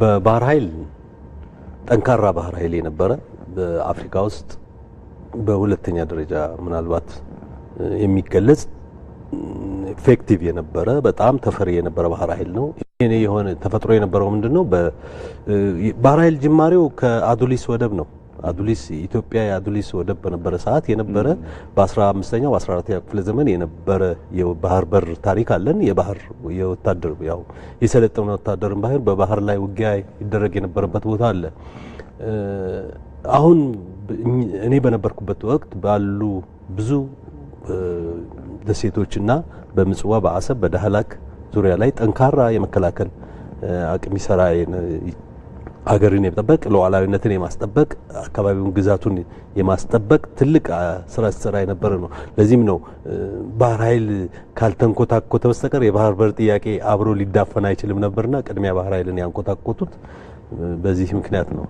በባህር ኃይል ጠንካራ ባህር ኃይል የነበረ በአፍሪካ ውስጥ በሁለተኛ ደረጃ ምናልባት የሚገለጽ ኢፌክቲቭ የነበረ በጣም ተፈሪ የነበረ ባህር ኃይል ነው። የሆነ ተፈጥሮ የነበረው ምንድን ነው? ባህር ኃይል ጅማሬው ከአዱሊስ ወደብ ነው። አዱሊስ ኢትዮጵያ የአዱሊስ ወደብ በነበረ ሰዓት የነበረ በ15ኛው 14ኛ ክፍለ ዘመን የነበረ የባህር በር ታሪክ አለን። የባህር የወታደር ያው የሰለጠነ ወታደርን ባህር በባህር ላይ ውጊያ ይደረግ የነበረበት ቦታ አለ። አሁን እኔ በነበርኩበት ወቅት ባሉ ብዙ ደሴቶችና በምጽዋ በአሰብ በዳህላክ ዙሪያ ላይ ጠንካራ የመከላከል አቅም ይሰራ ሀገርን የመጠበቅ ሉዓላዊነትን የማስጠበቅ አካባቢውን ግዛቱን የማስጠበቅ ትልቅ ስራ ሲሰራ የነበረ ነው። ለዚህም ነው ባህር ኃይል ካልተንኮታኮተ በስተቀር የባህር በር ጥያቄ አብሮ ሊዳፈን አይችልም ነበርና ቅድሚያ ባህር ኃይልን ያንኮታኮቱት በዚህ ምክንያት ነው።